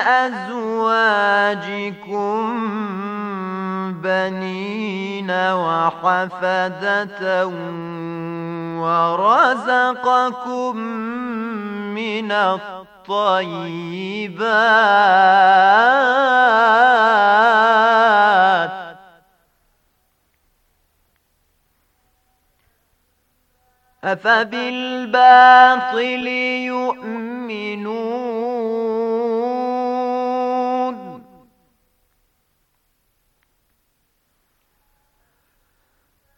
أزواجكم بنين وحفدة ورزقكم من الطيبات أفبالباطل يؤمنون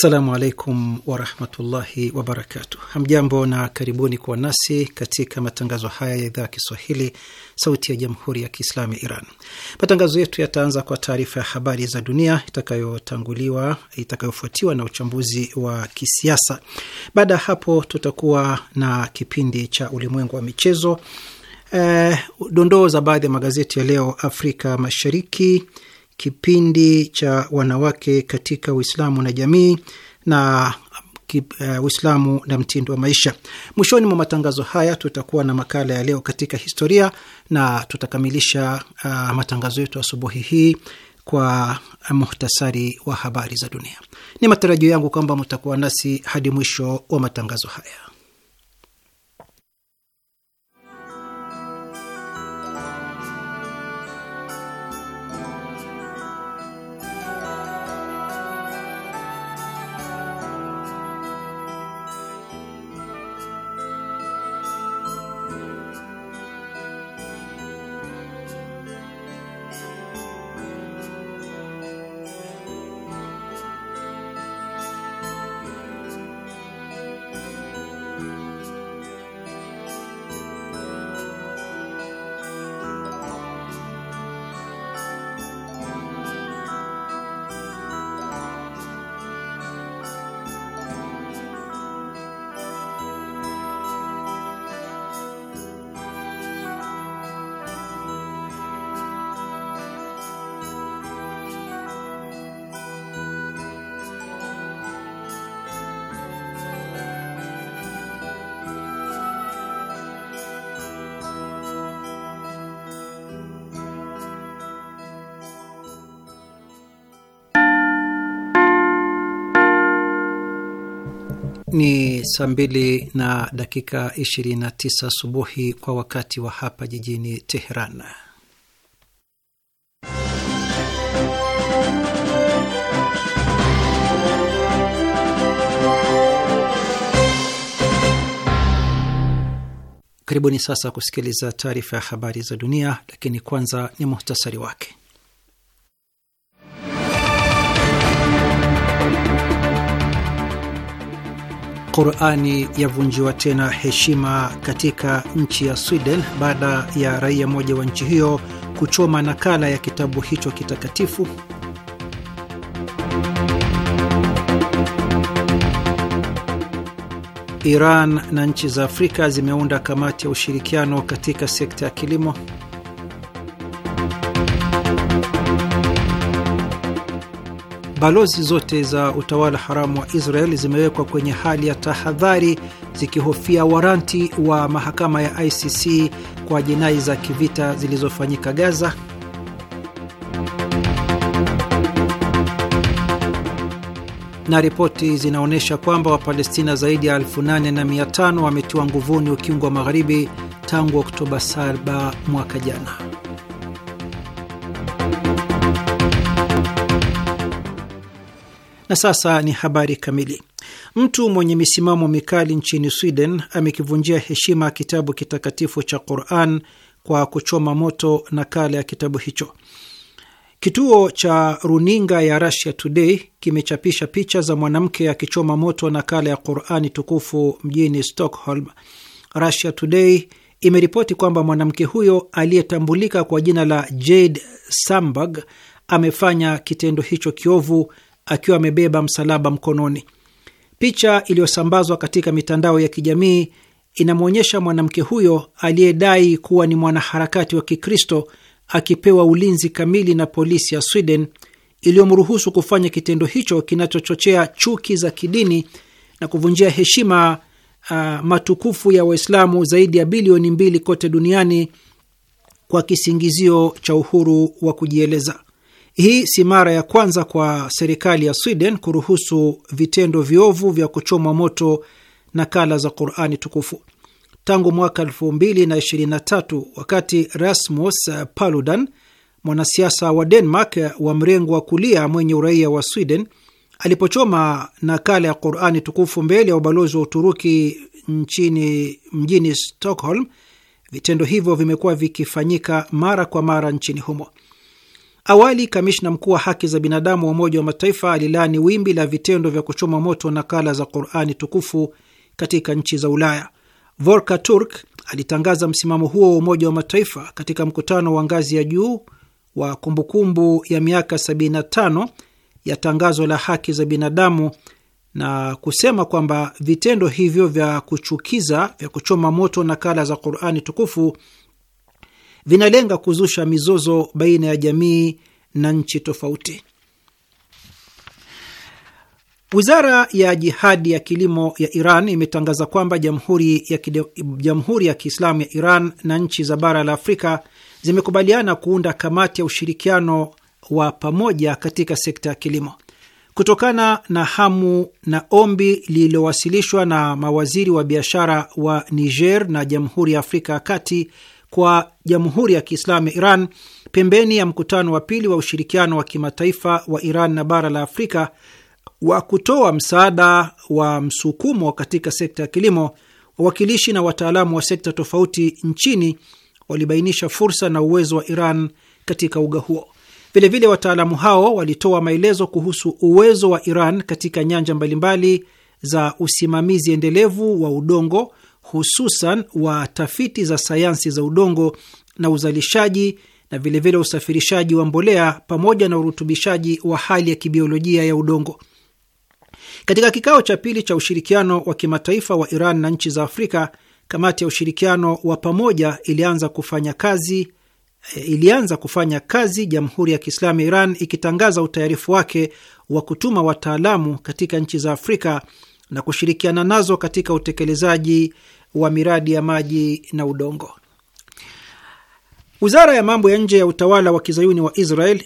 Assalamu alaikum warahmatullahi wabarakatuh. Hamjambo na karibuni kuwa nasi katika matangazo haya ya idhaa ya Kiswahili, Sauti ya Jamhuri ya Kiislamu ya Iran. Matangazo yetu yataanza kwa taarifa ya habari za dunia itakayotanguliwa, itakayofuatiwa na uchambuzi wa kisiasa. Baada ya hapo, tutakuwa na kipindi cha ulimwengu wa michezo, eh, dondoo za baadhi ya magazeti ya leo Afrika Mashariki, kipindi cha wanawake katika Uislamu na jamii na eh, Uislamu na mtindo wa maisha. Mwishoni mwa matangazo haya tutakuwa na makala ya leo katika historia na tutakamilisha uh, matangazo yetu asubuhi hii kwa muhtasari wa habari za dunia. Ni matarajio yangu kwamba mtakuwa nasi hadi mwisho wa matangazo haya. saa mbili na dakika 29 asubuhi kwa wakati wa hapa jijini Teheran. Karibuni sasa kusikiliza taarifa ya habari za dunia, lakini kwanza ni muhtasari wake. Qurani yavunjiwa tena heshima katika nchi ya Sweden baada ya raia mmoja wa nchi hiyo kuchoma nakala ya kitabu hicho kitakatifu. Iran na nchi za Afrika zimeunda kamati ya ushirikiano katika sekta ya kilimo. Balozi zote za utawala haramu wa Israel zimewekwa kwenye hali ya tahadhari zikihofia waranti wa mahakama ya ICC kwa jinai za kivita zilizofanyika Gaza. Na ripoti zinaonyesha kwamba Wapalestina zaidi ya 8500 wametiwa nguvuni ukingo wa Magharibi tangu Oktoba 7 mwaka jana. Na sasa ni habari kamili. Mtu mwenye misimamo mikali nchini Sweden amekivunjia heshima kitabu kitakatifu cha Quran kwa kuchoma moto nakala ya kitabu hicho. Kituo cha runinga ya Russia Today kimechapisha picha za mwanamke akichoma moto nakala ya Qurani tukufu mjini Stockholm. Russia Today imeripoti kwamba mwanamke huyo aliyetambulika kwa jina la Jade Samburg amefanya kitendo hicho kiovu akiwa amebeba msalaba mkononi. Picha iliyosambazwa katika mitandao ya kijamii inamwonyesha mwanamke huyo aliyedai kuwa ni mwanaharakati wa Kikristo akipewa ulinzi kamili na polisi ya Sweden iliyomruhusu kufanya kitendo hicho kinachochochea chuki za kidini na kuvunjia heshima uh, matukufu ya Waislamu zaidi ya bilioni mbili kote duniani kwa kisingizio cha uhuru wa kujieleza. Hii si mara ya kwanza kwa serikali ya Sweden kuruhusu vitendo viovu vya kuchoma moto nakala za Qurani tukufu. Tangu mwaka 2023 wakati Rasmus Paludan, mwanasiasa wa Denmark wa mrengo wa kulia mwenye uraia wa Sweden, alipochoma nakala ya Qurani tukufu mbele ya ubalozi wa Uturuki nchini mjini Stockholm, vitendo hivyo vimekuwa vikifanyika mara kwa mara nchini humo. Awali kamishna mkuu wa haki za binadamu wa Umoja wa Mataifa alilaani wimbi la vitendo vya kuchoma moto nakala za Qurani tukufu katika nchi za Ulaya. Volker Turk alitangaza msimamo huo wa Umoja wa Mataifa katika mkutano wa ngazi ya juu wa kumbukumbu ya miaka 75 ya tangazo la haki za binadamu na kusema kwamba vitendo hivyo vya kuchukiza vya kuchoma moto nakala za Qurani tukufu vinalenga kuzusha mizozo baina ya jamii na nchi tofauti. Wizara ya Jihadi ya Kilimo ya Iran imetangaza kwamba Jamhuri ya, Jamhuri ya Kiislamu ya Iran na nchi za bara la Afrika zimekubaliana kuunda kamati ya ushirikiano wa pamoja katika sekta ya kilimo kutokana na hamu na ombi lililowasilishwa na mawaziri wa biashara wa Niger na Jamhuri ya Afrika ya Kati kwa Jamhuri ya Kiislamu ya Iran pembeni ya mkutano wa pili wa ushirikiano wa kimataifa wa Iran na bara la Afrika wa kutoa msaada wa msukumo katika sekta ya kilimo, wawakilishi na wataalamu wa sekta tofauti nchini walibainisha fursa na uwezo wa Iran katika uga huo. Vilevile, wataalamu hao walitoa maelezo kuhusu uwezo wa Iran katika nyanja mbalimbali za usimamizi endelevu wa udongo, hususan wa tafiti za sayansi za udongo na uzalishaji na vilevile vile usafirishaji wa mbolea pamoja na urutubishaji wa hali ya kibiolojia ya udongo. Katika kikao cha pili cha ushirikiano wa kimataifa wa Iran na nchi za Afrika, kamati ya ushirikiano wa pamoja ilianza kufanya kazi eh, ilianza kufanya kazi, Jamhuri ya Kiislamu ya Iran ikitangaza utayarifu wake wa kutuma wataalamu katika nchi za Afrika na kushirikiana nazo katika utekelezaji wa miradi ya maji na udongo. Wizara ya mambo ya nje ya utawala wa kizayuni wa Israel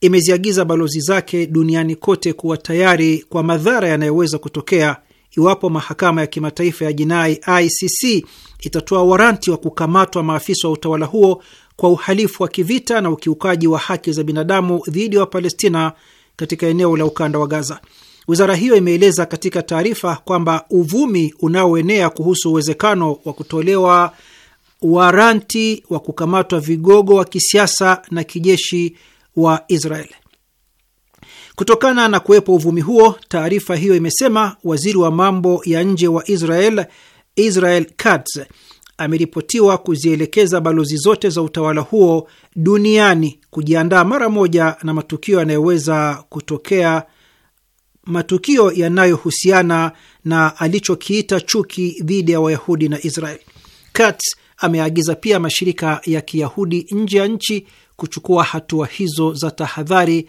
imeziagiza balozi zake duniani kote kuwa tayari kwa madhara yanayoweza kutokea iwapo mahakama ya kimataifa ya jinai ICC itatoa waranti wa kukamatwa maafisa wa utawala huo kwa uhalifu wa kivita na ukiukaji wa haki za binadamu dhidi ya Wapalestina katika eneo la ukanda wa Gaza. Wizara hiyo imeeleza katika taarifa kwamba uvumi unaoenea kuhusu uwezekano wa kutolewa waranti wa kukamatwa vigogo wa kisiasa na kijeshi wa Israel. Kutokana na kuwepo uvumi huo, taarifa hiyo imesema waziri wa mambo ya nje wa Israel, Israel Katz, ameripotiwa kuzielekeza balozi zote za utawala huo duniani kujiandaa mara moja na matukio yanayoweza kutokea matukio yanayohusiana na alichokiita chuki dhidi ya Wayahudi na israel Katz ameagiza pia mashirika ya Kiyahudi nje ya nchi kuchukua hatua hizo za tahadhari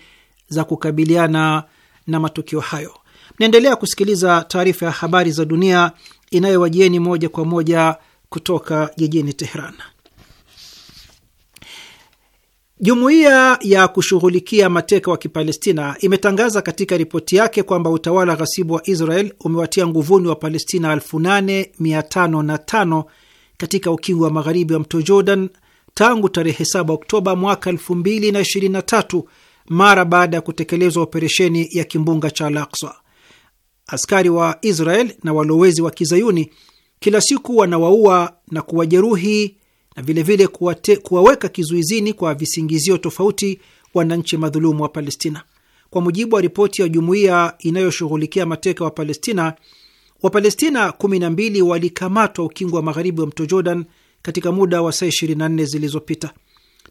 za kukabiliana na matukio hayo. Mnaendelea kusikiliza taarifa ya habari za dunia inayowajieni moja kwa moja kutoka jijini Tehran. Jumuiya ya kushughulikia mateka wa Kipalestina imetangaza katika ripoti yake kwamba utawala ghasibu wa Israel umewatia nguvuni wa Palestina 8505 katika ukingo wa magharibi wa mto Jordan tangu tarehe 7 Oktoba mwaka 2023 mara baada ya kutekelezwa operesheni ya kimbunga cha Al-Aqsa. Askari wa Israel na walowezi wa kizayuni kila siku wanawaua na kuwajeruhi na vilevile kuwaweka kizuizini kwa visingizio tofauti wananchi madhulumu wa Palestina. Kwa mujibu wa ripoti ya jumuiya inayoshughulikia mateka wa Palestina, Wapalestina 12 walikamatwa ukingo wa magharibi wa mto Jordan katika muda wa saa 24 zilizopita.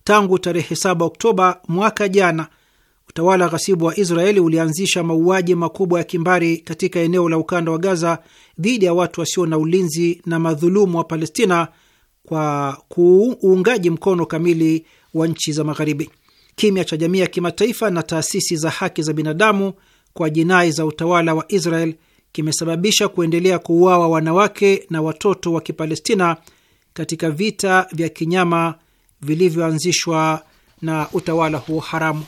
Tangu tarehe 7 Oktoba mwaka jana, utawala ghasibu wa Israeli ulianzisha mauaji makubwa ya kimbari katika eneo la ukanda wa Gaza dhidi ya watu wasio na ulinzi na madhulumu wa Palestina kwa kuungaji mkono kamili wa nchi za Magharibi. Kimya cha jamii ya kimataifa na taasisi za haki za binadamu kwa jinai za utawala wa Israel kimesababisha kuendelea kuuawa wanawake na watoto wa Kipalestina katika vita vya kinyama vilivyoanzishwa na utawala huo haramu.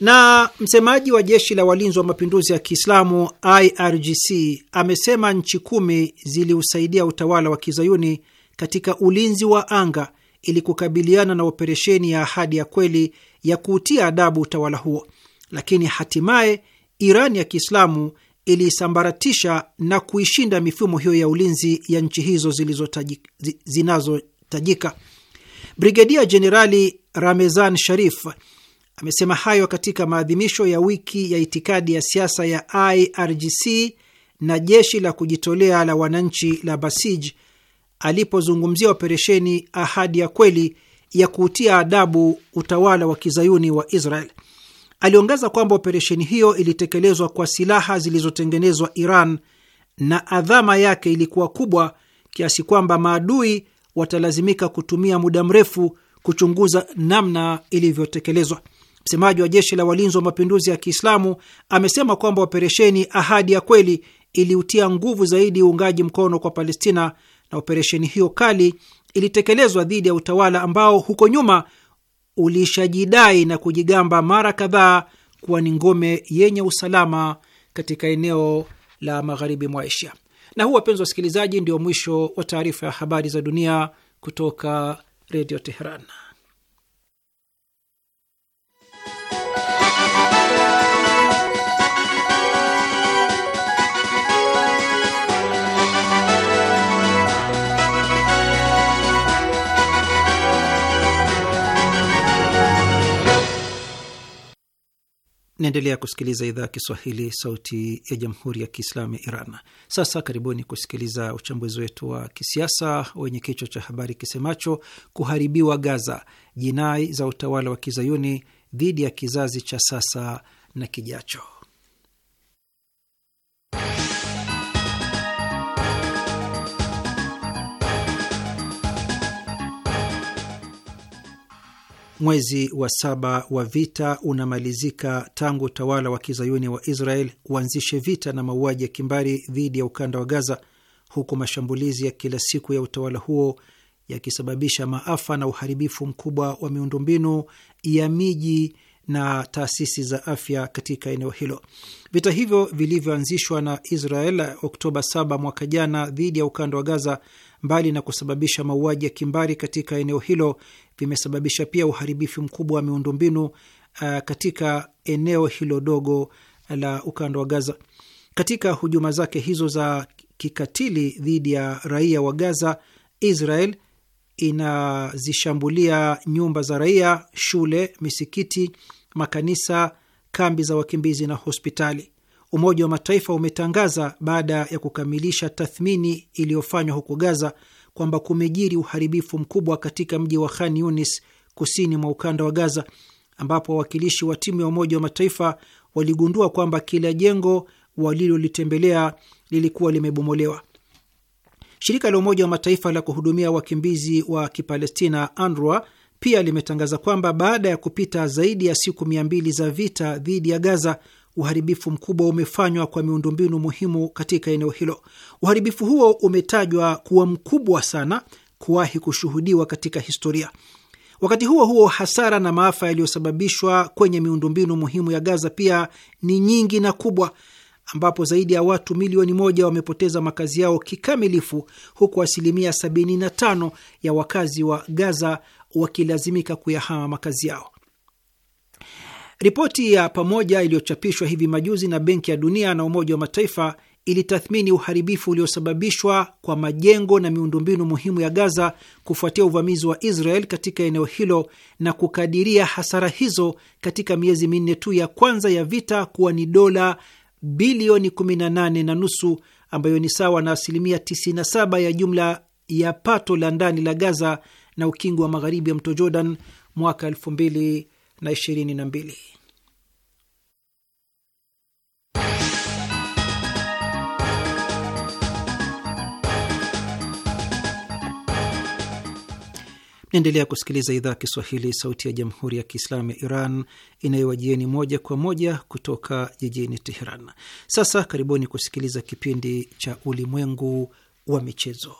Na msemaji wa jeshi la walinzi wa mapinduzi ya Kiislamu IRGC amesema nchi kumi ziliusaidia utawala wa kizayuni katika ulinzi wa anga ili kukabiliana na operesheni ya ahadi ya kweli ya kuutia adabu utawala huo, lakini hatimaye Iran ya Kiislamu ilisambaratisha na kuishinda mifumo hiyo ya ulinzi ya nchi hizo zinazotajika. Brigedia Jenerali Ramezan Sharif amesema hayo katika maadhimisho ya wiki ya itikadi ya siasa ya IRGC na jeshi la kujitolea la wananchi la Basij alipozungumzia operesheni Ahadi ya Kweli ya kuutia adabu utawala wa kizayuni wa Israel. Aliongeza kwamba operesheni hiyo ilitekelezwa kwa silaha zilizotengenezwa Iran na adhama yake ilikuwa kubwa kiasi kwamba maadui watalazimika kutumia muda mrefu kuchunguza namna ilivyotekelezwa. Msemaji wa jeshi la walinzi wa mapinduzi ya Kiislamu amesema kwamba operesheni Ahadi ya Kweli iliutia nguvu zaidi uungaji mkono kwa Palestina na operesheni hiyo kali ilitekelezwa dhidi ya utawala ambao huko nyuma ulishajidai na kujigamba mara kadhaa kuwa ni ngome yenye usalama katika eneo la magharibi mwa Asia. Na huu, wapenzi wasikilizaji, ndio mwisho wa taarifa ya habari za dunia kutoka Redio Teheran. Mnaendelea kusikiliza idhaa ya Kiswahili, sauti ya jamhuri ya kiislamu ya Iran. Sasa karibuni kusikiliza uchambuzi wetu wa kisiasa wenye kichwa cha habari kisemacho kuharibiwa Gaza, jinai za utawala wa kizayuni dhidi ya kizazi cha sasa na kijacho. Mwezi wa saba wa vita unamalizika tangu utawala wa kizayuni wa Israel uanzishe vita na mauaji ya kimbari dhidi ya ukanda wa Gaza, huku mashambulizi ya kila siku ya utawala huo yakisababisha maafa na uharibifu mkubwa wa miundombinu ya miji na taasisi za afya katika eneo hilo. Vita hivyo vilivyoanzishwa na Israel Oktoba 7 mwaka jana dhidi ya ukanda wa Gaza mbali na kusababisha mauaji ya kimbari katika eneo hilo, vimesababisha pia uharibifu mkubwa wa miundombinu uh, katika eneo hilo dogo la ukanda wa Gaza. Katika hujuma zake hizo za kikatili dhidi ya raia wa Gaza, Israel inazishambulia nyumba za raia, shule, misikiti, makanisa, kambi za wakimbizi na hospitali. Umoja wa Mataifa umetangaza baada ya kukamilisha tathmini iliyofanywa huko Gaza kwamba kumejiri uharibifu mkubwa katika mji wa Khan Yunis kusini mwa ukanda wa Gaza, ambapo wawakilishi wa timu ya Umoja wa Mataifa waligundua kwamba kila jengo walilolitembelea lilikuwa limebomolewa. Shirika la Umoja wa Mataifa la kuhudumia wakimbizi wa Kipalestina UNRWA pia limetangaza kwamba baada ya kupita zaidi ya siku mia mbili za vita dhidi ya Gaza, uharibifu mkubwa umefanywa kwa miundombinu muhimu katika eneo hilo. Uharibifu huo umetajwa kuwa mkubwa sana kuwahi kushuhudiwa katika historia. Wakati huo huo, hasara na maafa yaliyosababishwa kwenye miundombinu muhimu ya Gaza pia ni nyingi na kubwa, ambapo zaidi ya watu milioni moja wamepoteza makazi yao kikamilifu, huku asilimia 75 ya wakazi wa Gaza wakilazimika kuyahama makazi yao. Ripoti ya pamoja iliyochapishwa hivi majuzi na Benki ya Dunia na Umoja wa Mataifa ilitathmini uharibifu uliosababishwa kwa majengo na miundombinu muhimu ya Gaza kufuatia uvamizi wa Israel katika eneo hilo na kukadiria hasara hizo katika miezi minne tu ya kwanza ya vita kuwa ni dola bilioni 18 na nusu, ambayo ni sawa na asilimia 97 ya jumla ya pato la ndani la Gaza na ukingo wa magharibi ya mto Jordan mwaka na ishirini na mbili. Naendelea kusikiliza idhaa Kiswahili sauti ya jamhuri ya kiislamu ya Iran inayowajieni moja kwa moja kutoka jijini Teheran. Sasa karibuni kusikiliza kipindi cha ulimwengu wa michezo.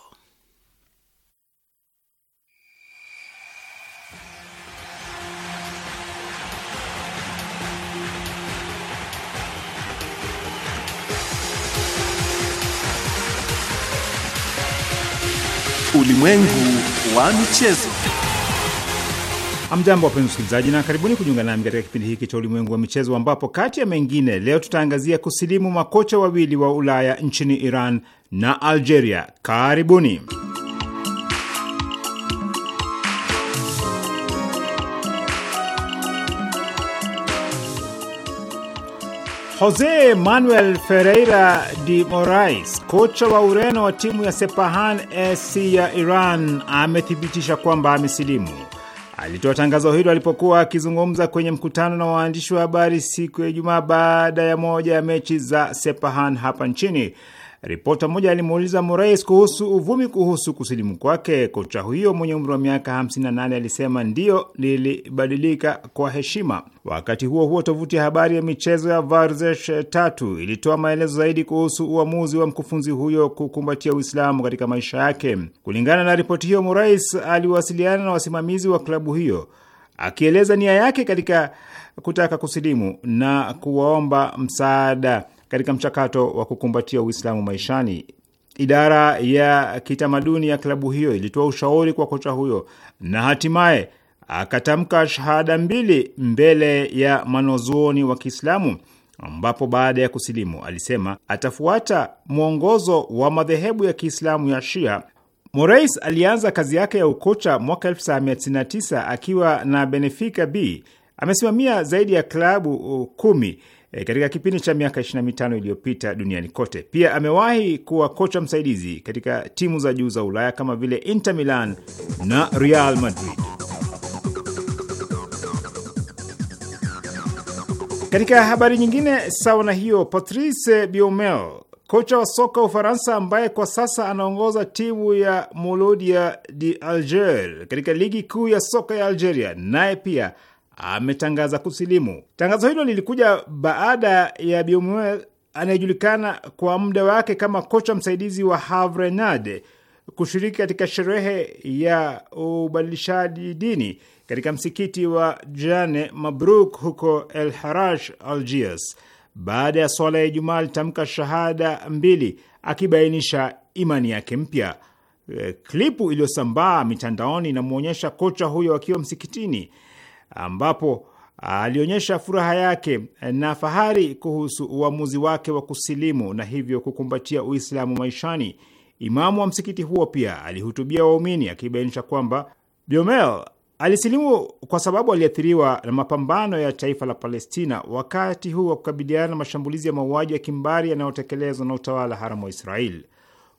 Ulimwengu wa michezo. Amjambo, wapenzi msikilizaji, na karibuni kujiunga nami katika kipindi hiki cha ulimwengu wa michezo, ambapo kati ya mengine leo tutaangazia kusilimu makocha wawili wa Ulaya nchini Iran na Algeria. Karibuni. Jose Manuel Ferreira de Morais, kocha wa Ureno wa timu ya Sepahan SC ya Iran, amethibitisha kwamba amesilimu. Alitoa tangazo hilo alipokuwa akizungumza kwenye mkutano na waandishi wa habari siku ya Ijumaa baada ya moja ya mechi za Sepahan hapa nchini. Ripota mmoja alimuuliza Morais kuhusu uvumi kuhusu kusilimu kwake. Kocha huyo mwenye umri wa miaka 58 alisema ndiyo, lilibadilika kwa heshima. Wakati huo huo, tovuti ya habari ya michezo ya Varzesh tatu ilitoa maelezo zaidi kuhusu uamuzi wa mkufunzi huyo kukumbatia Uislamu katika maisha yake. Kulingana na ripoti hiyo, Morais aliwasiliana na wasimamizi wa klabu hiyo akieleza nia yake katika kutaka kusilimu na kuwaomba msaada katika mchakato wa kukumbatia Uislamu maishani. Idara ya kitamaduni ya klabu hiyo ilitoa ushauri kwa kocha huyo na hatimaye akatamka shahada mbili mbele ya manozuoni wa Kiislamu, ambapo baada ya kusilimu alisema atafuata mwongozo wa madhehebu ya Kiislamu ya Shia. Morais alianza kazi yake ya ukocha mwaka 1999 akiwa na Benfica B. Amesimamia zaidi ya klabu kumi e, katika kipindi cha miaka 25 iliyopita duniani kote. Pia amewahi kuwa kocha msaidizi katika timu za juu za Ulaya kama vile Inter Milan na Real Madrid. Katika habari nyingine sawa na hiyo, Patrice Biomel, kocha wa soka Ufaransa ambaye kwa sasa anaongoza timu ya molodia de Alger katika ligi kuu ya soka ya Algeria, naye pia ametangaza kusilimu. Tangazo hilo lilikuja baada ya Biomue anayejulikana kwa muda wake kama kocha msaidizi wa havrenad kushiriki katika sherehe ya ubadilishaji dini katika msikiti wa Jane Mabruk huko El Haraj, Algiers. Baada ya swala ya Ijumaa alitamka shahada mbili akibainisha imani yake mpya. Eh, klipu iliyosambaa mitandaoni inamwonyesha kocha huyo akiwa msikitini ambapo ah, alionyesha furaha yake na fahari kuhusu uamuzi wake wa kusilimu na hivyo kukumbatia Uislamu maishani. Imamu wa msikiti huo pia alihutubia waumini akibainisha kwamba Biomel alisilimu kwa sababu aliathiriwa na mapambano ya taifa la Palestina wakati huu wa kukabiliana na mashambulizi ya mauaji ya kimbari yanayotekelezwa na utawala haramu wa Israeli.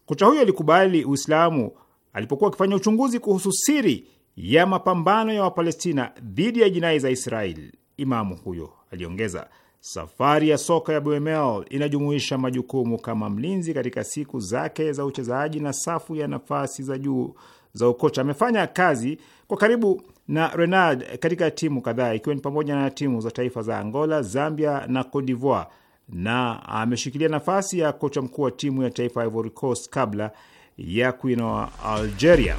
Kocha huyo alikubali Uislamu alipokuwa akifanya uchunguzi kuhusu siri ya mapambano ya Wapalestina dhidi ya jinai za Israel. Imamu huyo aliongeza, safari ya soka ya BML inajumuisha majukumu kama mlinzi katika siku zake za uchezaji na safu ya nafasi za juu za ukocha. Amefanya kazi kwa karibu na Renard katika timu kadhaa ikiwa ni pamoja na timu za taifa za Angola, Zambia na Cote d'Ivoire, na ameshikilia nafasi ya kocha mkuu wa timu ya taifa Ivory Coast kabla ya kuinoa Algeria.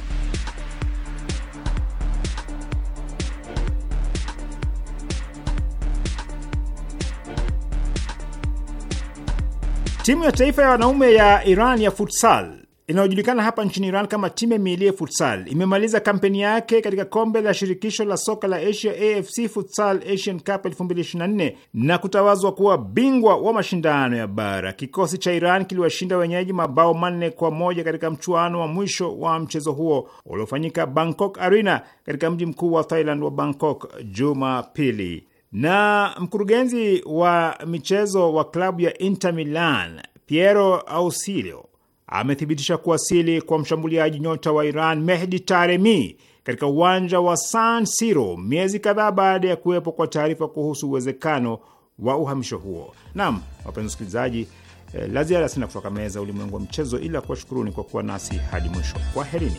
Timu ya taifa ya wanaume ya Iran ya futsal inayojulikana hapa nchini Iran kama timu milie futsal imemaliza kampeni yake katika kombe la shirikisho la soka la Asia AFC Futsal Asian Cup 2024 na kutawazwa kuwa bingwa wa mashindano ya bara. Kikosi cha Iran kiliwashinda wenyeji mabao manne kwa moja katika mchuano wa mwisho wa mchezo huo uliofanyika Bangkok Arena katika mji mkuu wa Thailand wa Bangkok Jumapili na mkurugenzi wa michezo wa klabu ya Inter Milan Piero Ausilio amethibitisha kuwasili kwa mshambuliaji nyota wa Iran Mehdi Taremi katika uwanja wa San Siro miezi kadhaa baada ya kuwepo kwa taarifa kuhusu uwezekano wa uhamisho huo. Naam, wapenzi wasikilizaji, eh, la ziada sina kutoka meza ulimwengu wa michezo, ila kuwashukuruni kwa kuwa nasi hadi mwisho. Kwaherini.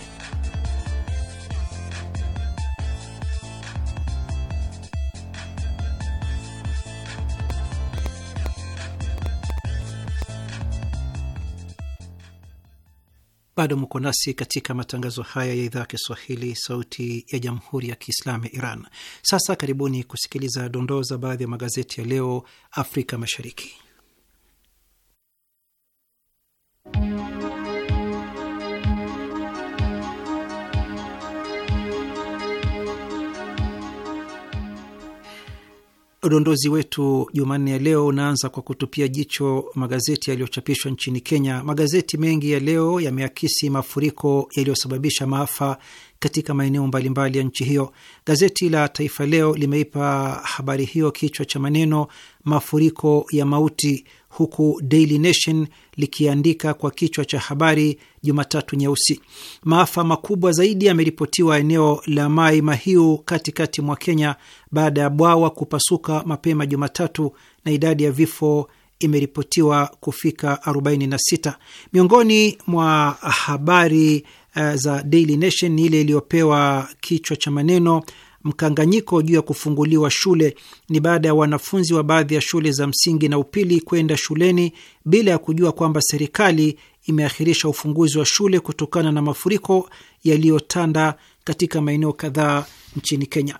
Bado mko nasi katika matangazo haya ya idhaa ya Kiswahili, sauti ya jamhuri ya kiislamu ya Iran. Sasa karibuni kusikiliza dondoo za baadhi ya magazeti ya leo Afrika Mashariki. Udondozi wetu Jumanne ya leo unaanza kwa kutupia jicho magazeti yaliyochapishwa nchini Kenya. Magazeti mengi ya leo yameakisi mafuriko yaliyosababisha maafa katika maeneo mbalimbali ya nchi hiyo. Gazeti la Taifa Leo limeipa habari hiyo kichwa cha maneno, mafuriko ya mauti, huku Daily Nation likiandika kwa kichwa cha habari Jumatatu nyeusi, maafa makubwa zaidi yameripotiwa eneo la Mai Mahiu katikati mwa Kenya baada ya bwawa kupasuka mapema Jumatatu, na idadi ya vifo imeripotiwa kufika 46. Miongoni mwa habari uh, za Daily Nation ni ile iliyopewa kichwa cha maneno mkanganyiko juu ya kufunguliwa shule ni baada ya wanafunzi wa baadhi ya shule za msingi na upili kwenda shuleni bila ya kujua kwamba serikali imeahirisha ufunguzi wa shule kutokana na mafuriko yaliyotanda katika maeneo kadhaa nchini Kenya.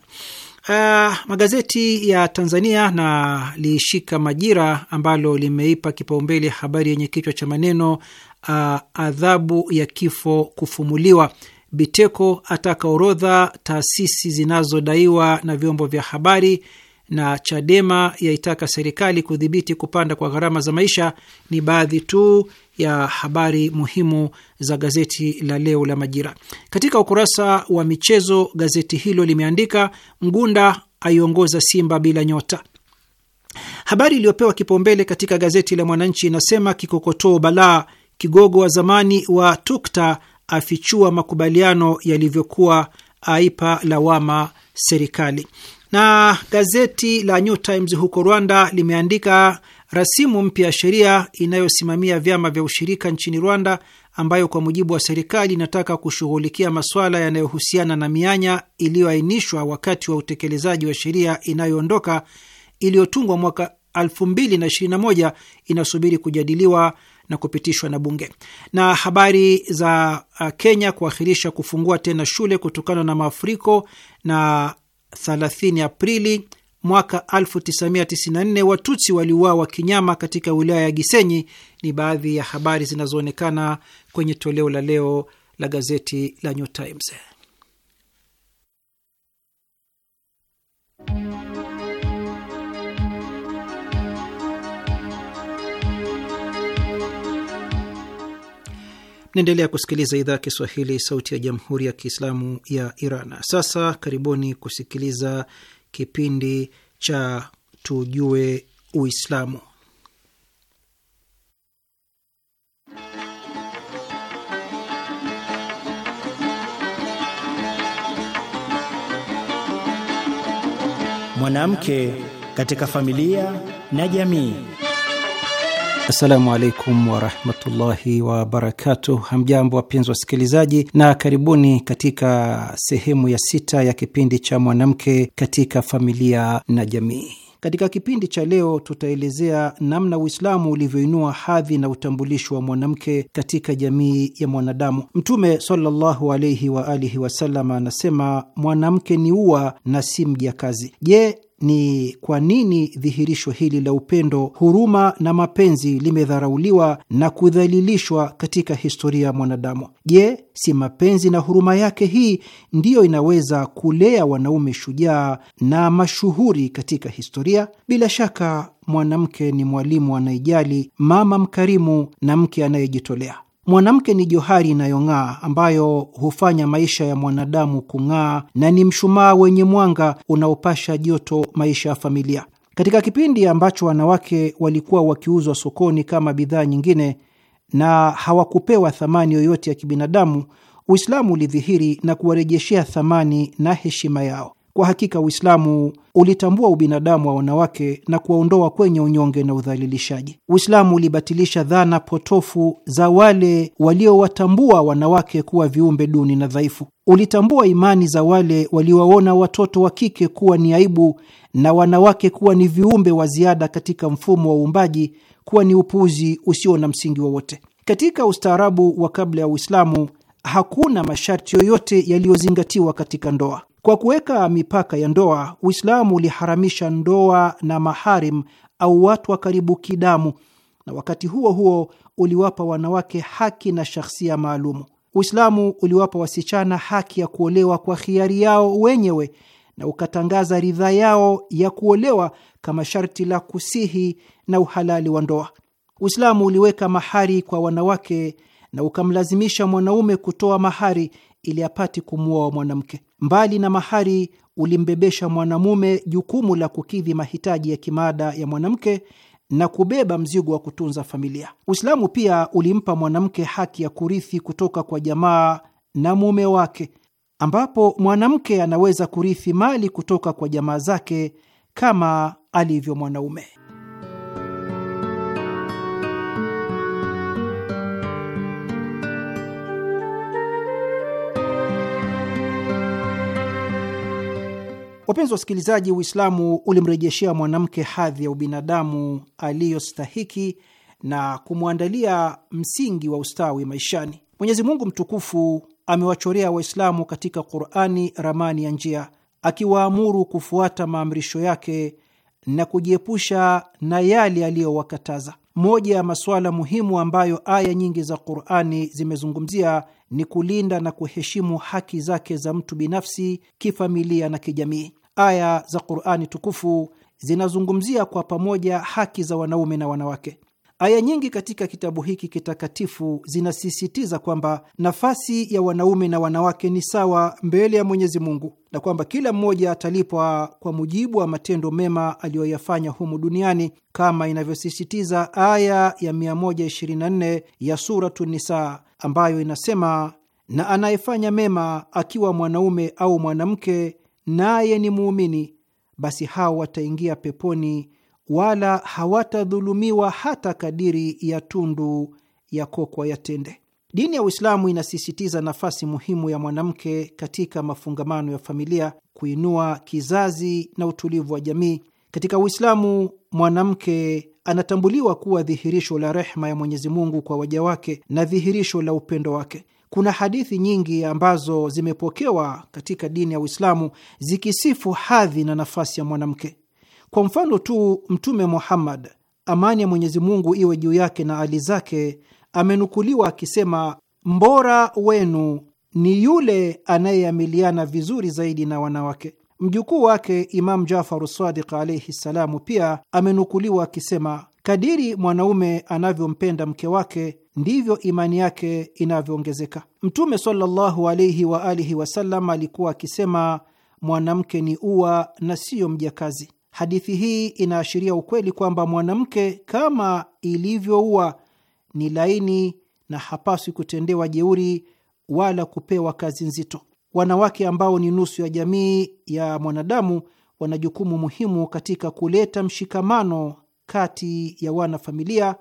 Uh, magazeti ya Tanzania na liishika Majira ambalo limeipa kipaumbele habari yenye kichwa cha maneno uh, adhabu ya kifo kufumuliwa Biteko ataka orodha taasisi zinazodaiwa na vyombo vya habari, na Chadema yaitaka serikali kudhibiti kupanda kwa gharama za maisha. Ni baadhi tu ya habari muhimu za gazeti la leo la Majira. Katika ukurasa wa michezo, gazeti hilo limeandika Mgunda aiongoza Simba bila nyota. Habari iliyopewa kipaumbele katika gazeti la Mwananchi inasema kikokotoo balaa, kigogo wa zamani wa Tukta afichua makubaliano yalivyokuwa, aipa lawama serikali. Na gazeti la New Times huko Rwanda limeandika rasimu mpya ya sheria inayosimamia vyama vya ushirika nchini Rwanda, ambayo kwa mujibu wa serikali inataka kushughulikia masuala yanayohusiana na mianya iliyoainishwa wakati wa utekelezaji wa sheria inayoondoka iliyotungwa mwaka 2021 inasubiri kujadiliwa na kupitishwa na bunge. Na habari za uh, Kenya kuahirisha kufungua tena shule kutokana na mafuriko na 30 Aprili mwaka 1994 Watutsi waliuawa kinyama katika wilaya ya Gisenyi ni baadhi ya habari zinazoonekana kwenye toleo la leo la gazeti la New Times. Naendelea kusikiliza idhaa ya Kiswahili, sauti ya jamhuri ya kiislamu ya Iran. Sasa karibuni kusikiliza kipindi cha Tujue Uislamu. Mwanamke katika familia na jamii. Assalamu alaikum warahmatullahi wabarakatuh. Hamjambo wapenzi wasikilizaji, na karibuni katika sehemu ya sita ya kipindi cha mwanamke katika familia na jamii. Katika kipindi cha leo tutaelezea namna Uislamu ulivyoinua hadhi na utambulisho wa mwanamke katika jamii ya mwanadamu. Mtume sallallahu alaihi wa alihi wasallam anasema mwanamke ni ua na si mjakazi. Je, ni kwa nini dhihirisho hili la upendo, huruma na mapenzi limedharauliwa na kudhalilishwa katika historia ya mwanadamu? Je, si mapenzi na huruma yake hii ndiyo inaweza kulea wanaume shujaa na mashuhuri katika historia? Bila shaka mwanamke ni mwalimu anayejali, mama mkarimu na mke anayejitolea. Mwanamke ni johari inayong'aa ambayo hufanya maisha ya mwanadamu kung'aa na ni mshumaa wenye mwanga unaopasha joto maisha ya familia. Katika kipindi ambacho wanawake walikuwa wakiuzwa sokoni kama bidhaa nyingine na hawakupewa thamani yoyote ya kibinadamu, Uislamu ulidhihiri na kuwarejeshea thamani na heshima yao. Kwa hakika Uislamu ulitambua ubinadamu wa wanawake na kuwaondoa kwenye unyonge na udhalilishaji. Uislamu ulibatilisha dhana potofu za wale waliowatambua wanawake kuwa viumbe duni na dhaifu. Ulitambua imani za wale waliowaona watoto wa kike kuwa ni aibu na wanawake kuwa ni viumbe wa ziada katika mfumo wa uumbaji kuwa ni upuuzi usio na msingi wowote. Katika ustaarabu wa kabla ya Uislamu hakuna masharti yoyote yaliyozingatiwa katika ndoa. Kwa kuweka mipaka ya ndoa, Uislamu uliharamisha ndoa na maharim au watu wa karibu kidamu, na wakati huo huo uliwapa wanawake haki na shakhsia maalumu. Uislamu uliwapa wasichana haki ya kuolewa kwa hiari yao wenyewe na ukatangaza ridhaa yao ya kuolewa kama sharti la kusihi na uhalali wa ndoa. Uislamu uliweka mahari kwa wanawake na ukamlazimisha mwanaume kutoa mahari ili apate kumwoa mwanamke. Mbali na mahari, ulimbebesha mwanamume jukumu la kukidhi mahitaji ya kimada ya mwanamke na kubeba mzigo wa kutunza familia. Uislamu pia ulimpa mwanamke haki ya kurithi kutoka kwa jamaa na mume wake, ambapo mwanamke anaweza kurithi mali kutoka kwa jamaa zake kama alivyo mwanaume. Wapenzi wa wasikilizaji, Uislamu ulimrejeshea mwanamke hadhi ya ubinadamu aliyostahiki na kumwandalia msingi wa ustawi maishani. Mwenyezi Mungu mtukufu amewachorea Waislamu katika Qurani ramani ya njia, akiwaamuru kufuata maamrisho yake na kujiepusha na yale aliyowakataza moja ya masuala muhimu ambayo aya nyingi za Qurani zimezungumzia ni kulinda na kuheshimu haki zake za mtu binafsi, kifamilia na kijamii. Aya za Qurani tukufu zinazungumzia kwa pamoja haki za wanaume na wanawake. Aya nyingi katika kitabu hiki kitakatifu zinasisitiza kwamba nafasi ya wanaume na wanawake ni sawa mbele ya Mwenyezi Mungu na kwamba kila mmoja atalipwa kwa mujibu wa matendo mema aliyoyafanya humu duniani kama inavyosisitiza aya ya 124 ya Suratu nisaa ambayo inasema, na anayefanya mema akiwa mwanaume au mwanamke, naye ni muumini, basi hao wataingia peponi wala hawatadhulumiwa hata kadiri ya tundu ya kokwa ya tende. Dini ya Uislamu inasisitiza nafasi muhimu ya mwanamke katika mafungamano ya familia, kuinua kizazi na utulivu wa jamii. Katika Uislamu, mwanamke anatambuliwa kuwa dhihirisho la rehma ya Mwenyezi Mungu kwa waja wake na dhihirisho la upendo wake. Kuna hadithi nyingi ambazo zimepokewa katika dini ya Uislamu zikisifu hadhi na nafasi ya mwanamke. Kwa mfano tu, Mtume Muhammad, amani ya Mwenyezi Mungu iwe juu yake na ali zake, amenukuliwa akisema, mbora wenu ni yule anayeamiliana vizuri zaidi na wanawake. Mjukuu wake Imam Jafaru Sadiq alaihi ssalamu pia amenukuliwa akisema, kadiri mwanaume anavyompenda mke wake ndivyo imani yake inavyoongezeka. Mtume sallallahu alaihi waalihi wasallam alikuwa akisema, mwanamke ni ua na siyo mjakazi. Hadithi hii inaashiria ukweli kwamba mwanamke kama ilivyoua ni laini na hapaswi kutendewa jeuri wala kupewa kazi nzito. Wanawake ambao ni nusu ya jamii ya mwanadamu wana jukumu muhimu katika kuleta mshikamano kati ya wanafamilia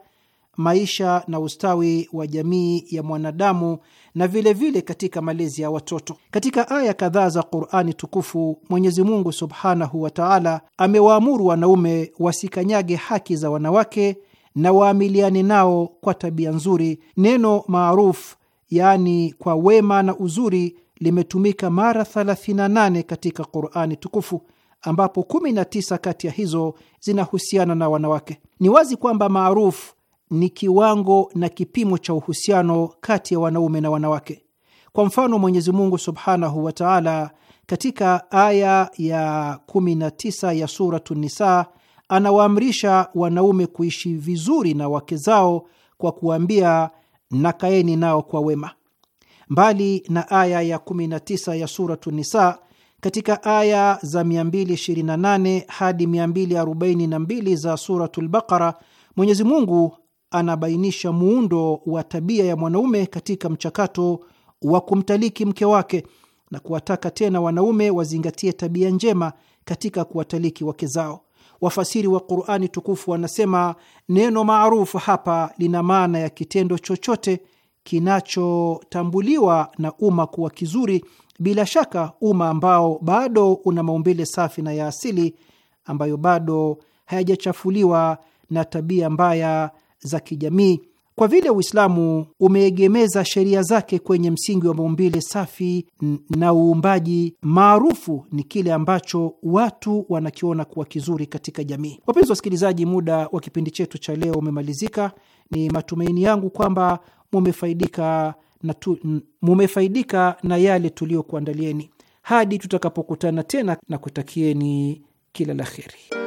maisha na ustawi wa jamii ya mwanadamu na vilevile vile katika malezi ya watoto. Katika aya kadhaa za Qurani Tukufu, Mwenyezi Mungu subhanahu wa taala amewaamuru wanaume wasikanyage haki za wanawake na waamiliane nao kwa tabia nzuri. Neno maaruf, yaani kwa wema na uzuri, limetumika mara 38 katika Qurani Tukufu, ambapo 19 kati ya hizo zinahusiana na wanawake. Ni wazi kwamba maaruf ni kiwango na kipimo cha uhusiano kati ya wanaume na wanawake. Kwa mfano, Mwenyezi Mungu subhanahu wa taala katika aya ya 19 ya Suratu Nisa anawaamrisha wanaume kuishi vizuri na wake zao kwa kuwaambia nakaeni nao kwa wema. Mbali na aya ya 19 ya Suratu Nisa, katika aya za 228 hadi 242 za Suratu Lbaqara, Mwenyezi Mungu anabainisha muundo wa tabia ya mwanaume katika mchakato wa kumtaliki mke wake na kuwataka tena wanaume wazingatie tabia njema katika kuwataliki wake zao. Wafasiri wa Qurani tukufu wanasema neno maarufu hapa lina maana ya kitendo chochote kinachotambuliwa na umma kuwa kizuri, bila shaka umma ambao bado una maumbile safi na ya asili ambayo bado hayajachafuliwa na tabia mbaya za kijamii. Kwa vile Uislamu umeegemeza sheria zake kwenye msingi wa maumbile safi na uumbaji, maarufu ni kile ambacho watu wanakiona kuwa kizuri katika jamii. Wapenzi wasikilizaji, muda wa kipindi chetu cha leo umemalizika. Ni matumaini yangu kwamba mumefaidika na, tu, mumefaidika na yale tuliyokuandalieni. Hadi tutakapokutana tena, na kutakieni kila la heri.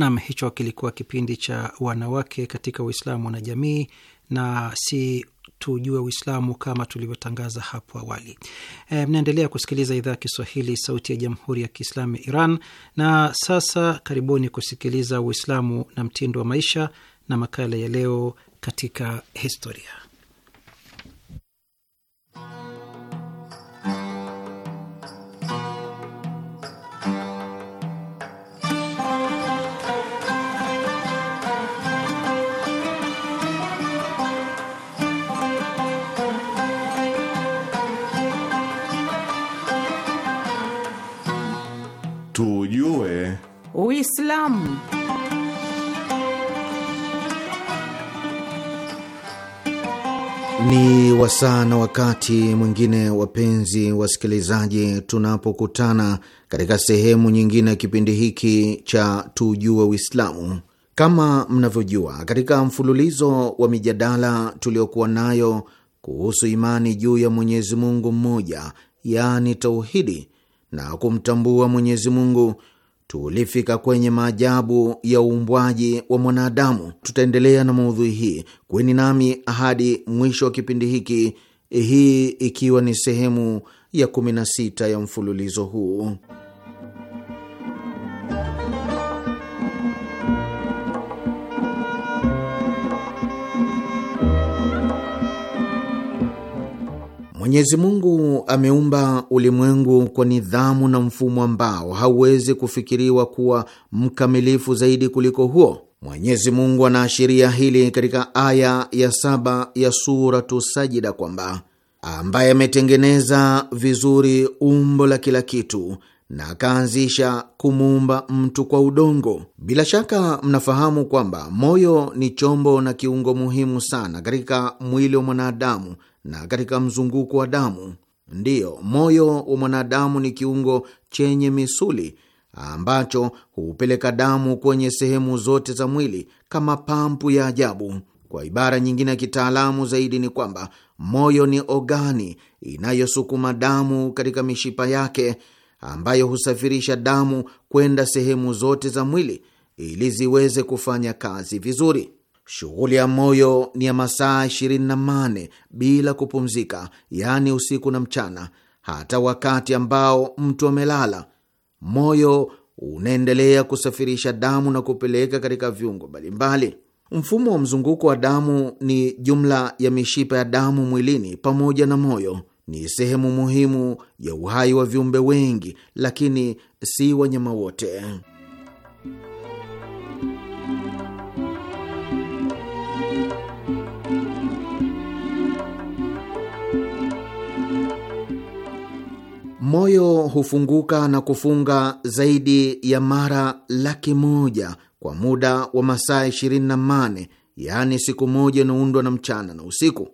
Nam, hicho kilikuwa kipindi cha wanawake katika Uislamu na jamii, na si tujue Uislamu kama tulivyotangaza hapo awali. E, mnaendelea kusikiliza idhaa ya Kiswahili, sauti ya jamhuri ya kiislamu ya Iran. Na sasa karibuni kusikiliza Uislamu na mtindo wa maisha na makala ya leo katika historia. wasaa na wakati mwingine, wapenzi wasikilizaji, tunapokutana katika sehemu nyingine ya kipindi hiki cha Tujue Uislamu. Kama mnavyojua, katika mfululizo wa mijadala tuliokuwa nayo kuhusu imani juu ya Mwenyezi Mungu mmoja, yaani tauhidi, na kumtambua Mwenyezi Mungu tulifika kwenye maajabu ya uumbwaji wa mwanadamu. Tutaendelea na maudhui hii, kweni nami hadi mwisho wa kipindi hiki, hii ikiwa ni sehemu ya 16 ya mfululizo huu. Mwenyezi Mungu ameumba ulimwengu kwa nidhamu na mfumo ambao hauwezi kufikiriwa kuwa mkamilifu zaidi kuliko huo. Mwenyezi Mungu anaashiria hili katika aya ya saba ya Suratu Sajida kwamba ambaye ametengeneza vizuri umbo la kila kitu na akaanzisha kumuumba mtu kwa udongo. Bila shaka mnafahamu kwamba moyo ni chombo na kiungo muhimu sana katika mwili wa mwanadamu na katika mzunguko wa damu. Ndiyo, moyo wa mwanadamu ni kiungo chenye misuli ambacho hupeleka damu kwenye sehemu zote za mwili kama pampu ya ajabu. Kwa ibara nyingine ya kitaalamu zaidi ni kwamba moyo ni ogani inayosukuma damu katika mishipa yake ambayo husafirisha damu kwenda sehemu zote za mwili ili ziweze kufanya kazi vizuri. Shughuli ya moyo ni ya masaa 28 bila kupumzika, yaani usiku na mchana. Hata wakati ambao mtu amelala, moyo unaendelea kusafirisha damu na kupeleka katika viungo mbalimbali. Mfumo wa mzunguko wa damu ni jumla ya mishipa ya damu mwilini pamoja na moyo. Ni sehemu muhimu ya uhai wa viumbe wengi, lakini si wanyama wote. moyo hufunguka na kufunga zaidi ya mara laki moja kwa muda wa masaa mane yaani siku moja inaundwa na mchana na usiku.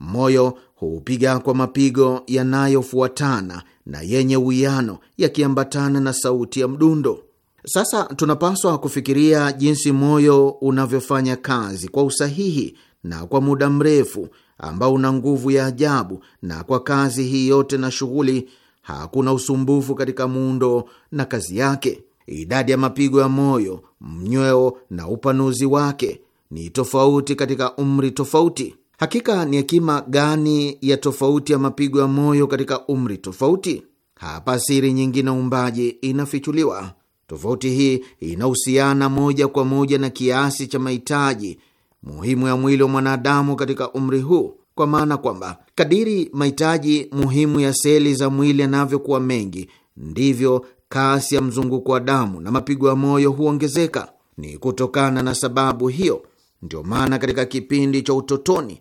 Moyo huupiga kwa mapigo yanayofuatana na yenye uwiano yakiambatana na sauti ya mdundo. Sasa tunapaswa kufikiria jinsi moyo unavyofanya kazi kwa usahihi na kwa muda mrefu ambao una nguvu ya ajabu, na kwa kazi hii yote na shughuli hakuna usumbufu katika muundo na kazi yake. Idadi ya mapigo ya moyo, mnyweo na upanuzi wake ni tofauti katika umri tofauti. Hakika ni hekima gani ya tofauti ya mapigo ya moyo katika umri tofauti? Hapa siri nyingine umbaji inafichuliwa. Tofauti hii inahusiana moja kwa moja na kiasi cha mahitaji muhimu ya mwili wa mwanadamu katika umri huu, kwa maana kwamba kadiri mahitaji muhimu ya seli za mwili yanavyokuwa mengi, ndivyo kasi ya mzunguko wa damu na mapigo ya moyo huongezeka. Ni kutokana na sababu hiyo ndio maana katika kipindi cha utotoni,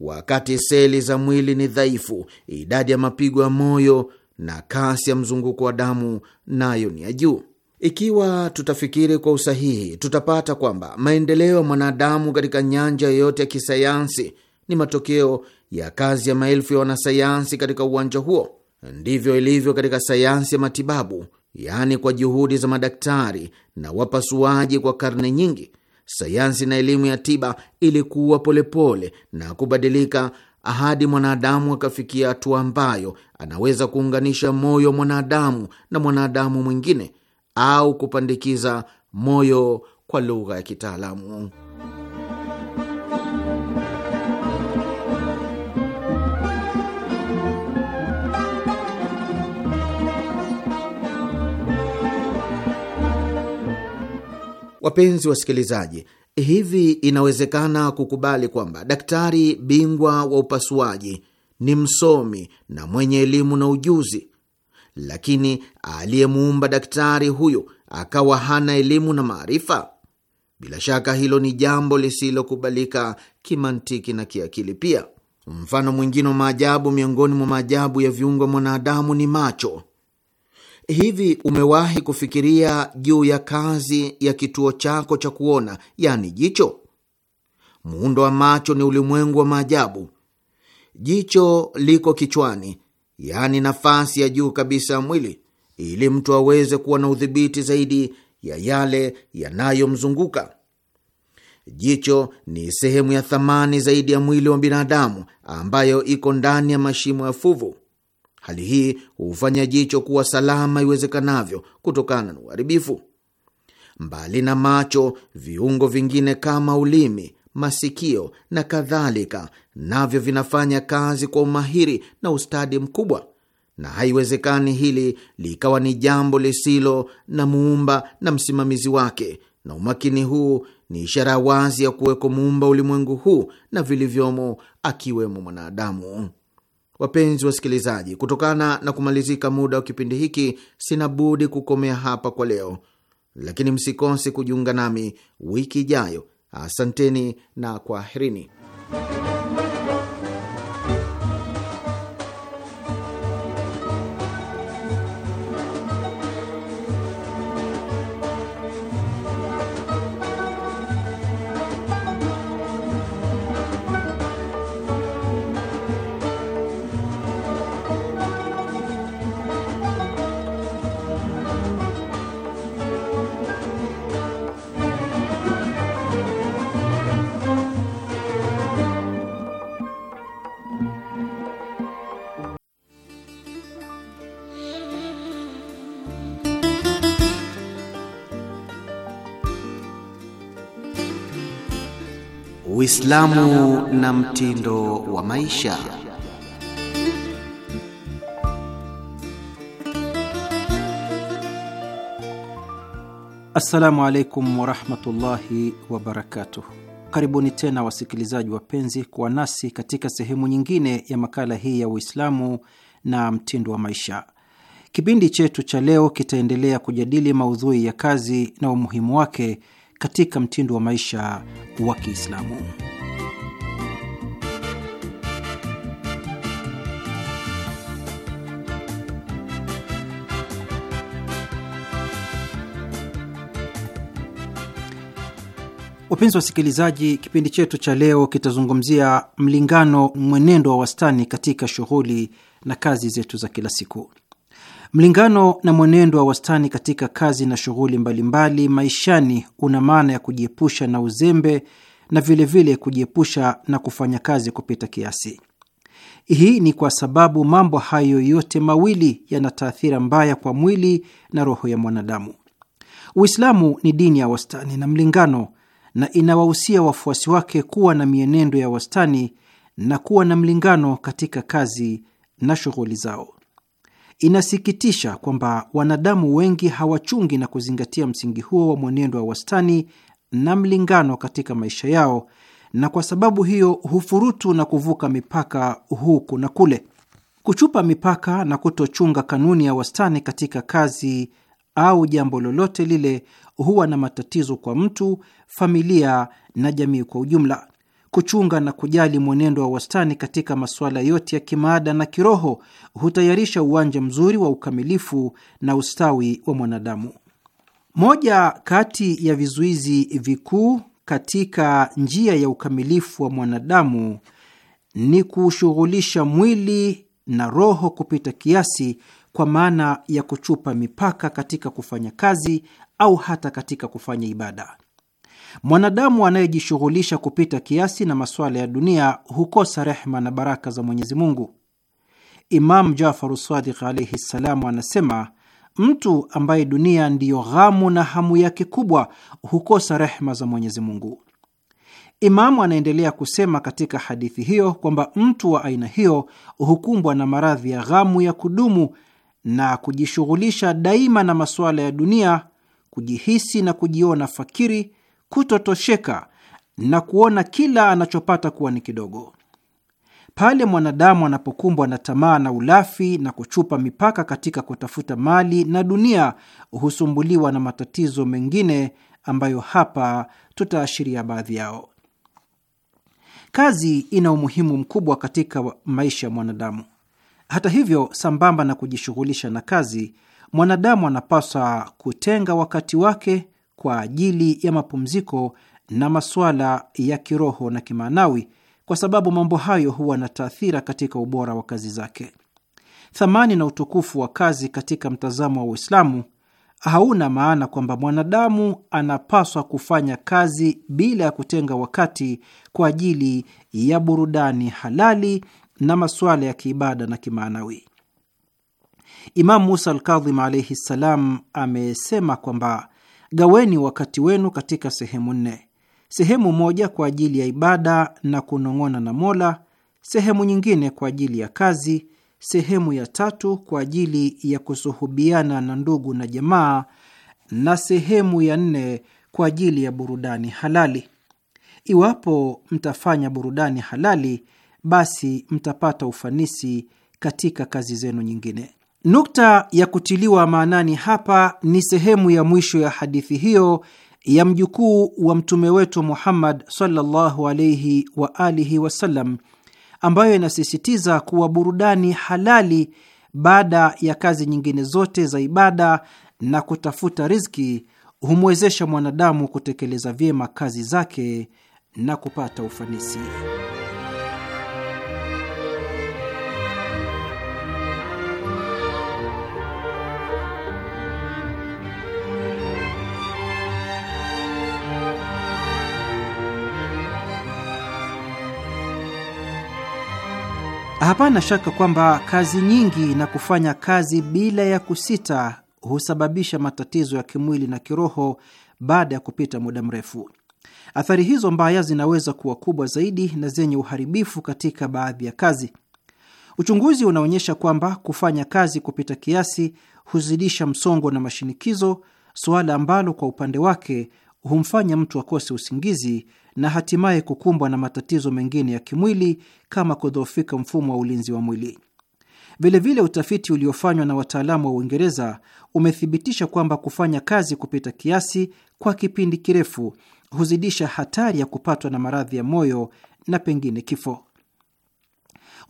wakati seli za mwili ni dhaifu, idadi ya mapigo ya moyo na kasi ya mzunguko wa damu nayo ni ya juu. Ikiwa tutafikiri kwa usahihi, tutapata kwamba maendeleo ya mwanadamu katika nyanja yoyote ya kisayansi ni matokeo ya kazi ya maelfu ya wanasayansi katika uwanja huo. Ndivyo ilivyo katika sayansi ya matibabu, yaani kwa juhudi za madaktari na wapasuaji kwa karne nyingi. Sayansi na elimu ya tiba ilikuwa polepole na kubadilika hadi mwanadamu akafikia hatua ambayo anaweza kuunganisha moyo mwanadamu na mwanadamu mwingine au kupandikiza moyo kwa lugha ya kitaalamu. Wapenzi wasikilizaji, hivi inawezekana kukubali kwamba daktari bingwa wa upasuaji ni msomi na mwenye elimu na ujuzi lakini aliyemuumba daktari huyo akawa hana elimu na maarifa? Bila shaka hilo ni jambo lisilokubalika kimantiki na kiakili pia. Mfano mwingine wa maajabu miongoni mwa maajabu ya viungo mwanadamu ni macho. Hivi umewahi kufikiria juu ya kazi ya kituo chako cha kuona, yaani jicho? Muundo wa macho ni ulimwengu wa maajabu. Jicho liko kichwani yaani nafasi ya juu kabisa ya mwili, ili mtu aweze kuwa na udhibiti zaidi ya yale yanayomzunguka. Jicho ni sehemu ya thamani zaidi ya mwili wa binadamu ambayo iko ndani ya mashimo ya fuvu. Hali hii hufanya jicho kuwa salama iwezekanavyo kutokana na uharibifu. Mbali na macho, viungo vingine kama ulimi, masikio na kadhalika, navyo vinafanya kazi kwa umahiri na ustadi mkubwa, na haiwezekani hili likawa ni jambo lisilo na muumba na msimamizi wake. Na umakini huu ni ishara wazi ya kuweko muumba ulimwengu huu na vilivyomo, akiwemo mwanadamu. Wapenzi wasikilizaji, kutokana na kumalizika muda wa kipindi hiki, sina budi kukomea hapa kwa leo, lakini msikose kujiunga nami wiki ijayo Asanteni na kwaherini. Uislamu na mtindo wa maisha. Assalamu alaikum warahmatullahi wabarakatuh. Karibuni tena wasikilizaji wapenzi, kuwa nasi katika sehemu nyingine ya makala hii ya Uislamu na mtindo wa maisha. Kipindi chetu cha leo kitaendelea kujadili maudhui ya kazi na umuhimu wake katika mtindo wa maisha wa Kiislamu. Wapenzi wasikilizaji, kipindi chetu cha leo kitazungumzia mlingano, mwenendo wa wastani katika shughuli na kazi zetu za kila siku. Mlingano na mwenendo wa wastani katika kazi na shughuli mbalimbali maishani una maana ya kujiepusha na uzembe na vilevile kujiepusha na kufanya kazi kupita kiasi. Hii ni kwa sababu mambo hayo yote mawili yana taathira mbaya kwa mwili na roho ya mwanadamu. Uislamu ni dini ya wastani na mlingano, na inawahusia wafuasi wake kuwa na mienendo ya wastani na kuwa na mlingano katika kazi na shughuli zao. Inasikitisha kwamba wanadamu wengi hawachungi na kuzingatia msingi huo wa mwenendo wa wastani na mlingano katika maisha yao, na kwa sababu hiyo hufurutu na kuvuka mipaka huku na kule. Kuchupa mipaka na kutochunga kanuni ya wastani katika kazi au jambo lolote lile huwa na matatizo kwa mtu, familia na jamii kwa ujumla kuchunga na kujali mwenendo wa wastani katika masuala yote ya kimaada na kiroho hutayarisha uwanja mzuri wa ukamilifu na ustawi wa mwanadamu. Moja kati ya vizuizi vikuu katika njia ya ukamilifu wa mwanadamu ni kushughulisha mwili na roho kupita kiasi, kwa maana ya kuchupa mipaka katika kufanya kazi au hata katika kufanya ibada. Mwanadamu anayejishughulisha kupita kiasi na masuala ya dunia hukosa rehma na baraka za Mwenyezi Mungu. Imamu Jafaru Sadiq alaihi ssalamu anasema mtu ambaye dunia ndiyo ghamu na hamu yake kubwa hukosa rehma za Mwenyezi Mungu. Imamu anaendelea kusema katika hadithi hiyo kwamba mtu wa aina hiyo hukumbwa na maradhi ya ghamu ya kudumu na kujishughulisha daima na masuala ya dunia, kujihisi na kujiona fakiri kutotosheka na kuona kila anachopata kuwa ni kidogo. Pale mwanadamu anapokumbwa na tamaa na ulafi na kuchupa mipaka katika kutafuta mali na dunia, husumbuliwa na matatizo mengine ambayo hapa tutaashiria baadhi yao. Kazi ina umuhimu mkubwa katika maisha ya mwanadamu. Hata hivyo, sambamba na kujishughulisha na kazi, mwanadamu anapaswa kutenga wakati wake kwa ajili ya mapumziko na masuala ya kiroho na kimaanawi, kwa sababu mambo hayo huwa na taathira katika ubora wa kazi zake. Thamani na utukufu wa kazi katika mtazamo wa Uislamu hauna maana kwamba mwanadamu anapaswa kufanya kazi bila ya kutenga wakati kwa ajili ya burudani halali na masuala ya kiibada na kimaanawi. Imamu Musa Alkadhim alaihi ssalam amesema kwamba gaweni wakati wenu katika sehemu nne: sehemu moja kwa ajili ya ibada na kunong'ona na Mola, sehemu nyingine kwa ajili ya kazi, sehemu ya tatu kwa ajili ya kusuhubiana na ndugu na jamaa, na sehemu ya nne kwa ajili ya burudani halali. Iwapo mtafanya burudani halali, basi mtapata ufanisi katika kazi zenu nyingine. Nukta ya kutiliwa maanani hapa ni sehemu ya mwisho ya hadithi hiyo ya mjukuu wa mtume wetu Muhammad sallallahu alaihi wa alihi wasallam, ambayo inasisitiza kuwa burudani halali baada ya kazi nyingine zote za ibada na kutafuta riziki humwezesha mwanadamu kutekeleza vyema kazi zake na kupata ufanisi. Hapana shaka kwamba kazi nyingi na kufanya kazi bila ya kusita husababisha matatizo ya kimwili na kiroho baada ya kupita muda mrefu. Athari hizo mbaya zinaweza kuwa kubwa zaidi na zenye uharibifu katika baadhi ya kazi. Uchunguzi unaonyesha kwamba kufanya kazi kupita kiasi huzidisha msongo na mashinikizo, suala ambalo kwa upande wake humfanya mtu akose usingizi na hatimaye kukumbwa na matatizo mengine ya kimwili kama kudhoofika mfumo wa ulinzi wa mwili. Vilevile, utafiti uliofanywa na wataalamu wa Uingereza umethibitisha kwamba kufanya kazi kupita kiasi kwa kipindi kirefu huzidisha hatari ya kupatwa na maradhi ya moyo na pengine kifo.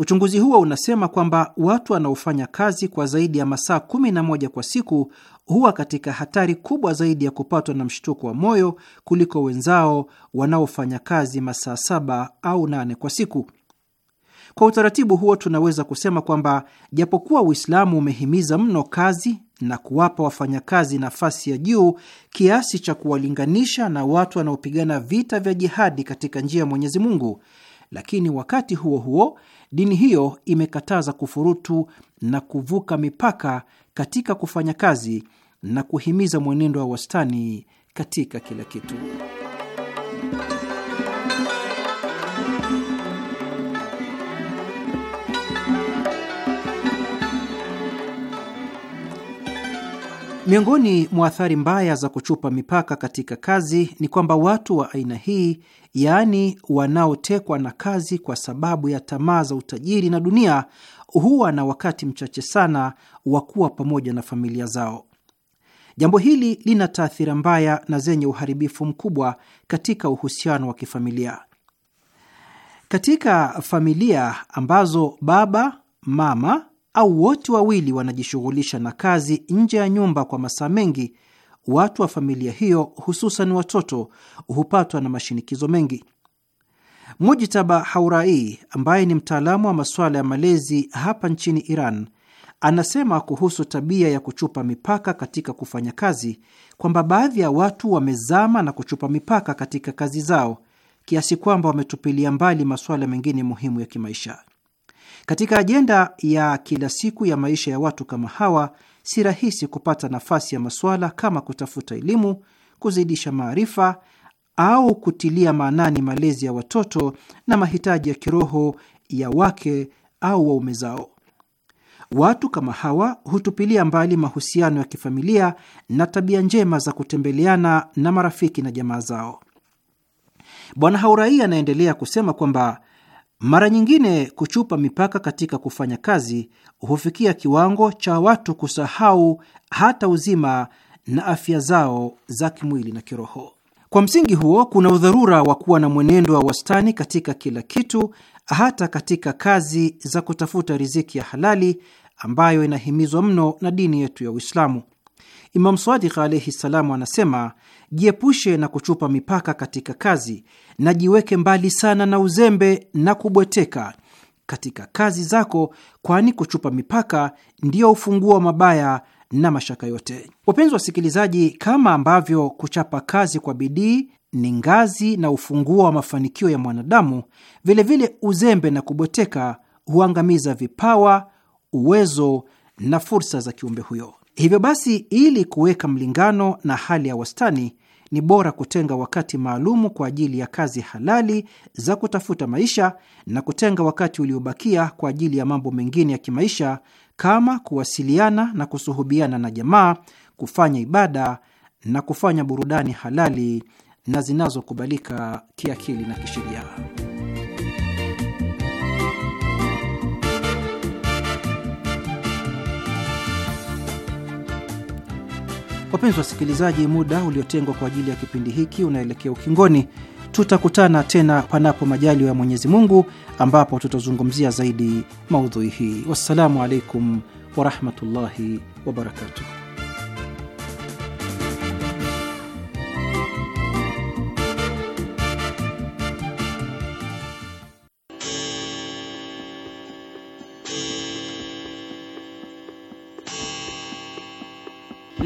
Uchunguzi huo unasema kwamba watu wanaofanya kazi kwa zaidi ya masaa 11 kwa siku huwa katika hatari kubwa zaidi ya kupatwa na mshtuko wa moyo kuliko wenzao wanaofanya kazi masaa saba au nane kwa siku. Kwa utaratibu huo tunaweza kusema kwamba japokuwa Uislamu umehimiza mno kazi na kuwapa wafanyakazi nafasi ya juu kiasi cha kuwalinganisha na watu wanaopigana vita vya jihadi katika njia ya Mwenyezi Mungu, lakini wakati huo huo dini hiyo imekataza kufurutu na kuvuka mipaka katika kufanya kazi na kuhimiza mwenendo wa wastani katika kila kitu. Miongoni mwa athari mbaya za kuchupa mipaka katika kazi ni kwamba watu wa aina hii, yaani wanaotekwa na kazi kwa sababu ya tamaa za utajiri na dunia, huwa na wakati mchache sana wa kuwa pamoja na familia zao. Jambo hili lina taathira mbaya na zenye uharibifu mkubwa katika uhusiano wa kifamilia. Katika familia ambazo baba, mama au wote wawili wanajishughulisha na kazi nje ya nyumba kwa masaa mengi, watu wa familia hiyo, hususan watoto, hupatwa na mashinikizo mengi. Mujtaba Haurai ambaye ni mtaalamu wa masuala ya malezi hapa nchini Iran anasema kuhusu tabia ya kuchupa mipaka katika kufanya kazi kwamba baadhi ya watu wamezama na kuchupa mipaka katika kazi zao kiasi kwamba wametupilia mbali masuala mengine muhimu ya kimaisha. Katika ajenda ya kila siku ya maisha ya watu kama hawa, si rahisi kupata nafasi ya masuala kama kutafuta elimu, kuzidisha maarifa au kutilia maanani malezi ya watoto na mahitaji ya kiroho ya wake au waume zao. Watu kama hawa hutupilia mbali mahusiano ya kifamilia na tabia njema za kutembeleana na marafiki na jamaa zao. Bwana haurai anaendelea kusema kwamba mara nyingine kuchupa mipaka katika kufanya kazi hufikia kiwango cha watu kusahau hata uzima na afya zao za kimwili na kiroho. Kwa msingi huo, kuna udharura wa kuwa na mwenendo wa wastani katika kila kitu, hata katika kazi za kutafuta riziki ya halali ambayo inahimizwa mno na dini yetu ya Uislamu. Imam Swadik alaihi ssalamu anasema, jiepushe na kuchupa mipaka katika kazi na jiweke mbali sana na uzembe na kubweteka katika kazi zako, kwani kuchupa mipaka ndiyo ufunguo wa mabaya na mashaka yote. Wapenzi wasikilizaji, kama ambavyo kuchapa kazi kwa bidii ni ngazi na ufunguo wa mafanikio ya mwanadamu, vilevile vile uzembe na kubweteka huangamiza vipawa, uwezo na fursa za kiumbe huyo. Hivyo basi, ili kuweka mlingano na hali ya wastani, ni bora kutenga wakati maalumu kwa ajili ya kazi halali za kutafuta maisha na kutenga wakati uliobakia kwa ajili ya mambo mengine ya kimaisha kama kuwasiliana na kusuhubiana na jamaa, kufanya ibada na kufanya burudani halali na zinazokubalika kiakili na kisheria. Wapenzi wasikilizaji, muda uliotengwa kwa ajili ya kipindi hiki unaelekea ukingoni. Tutakutana tena panapo majaliwa ya Mwenyezi Mungu, ambapo tutazungumzia zaidi maudhui hii. Wassalamu alaikum warahmatullahi wabarakatuh.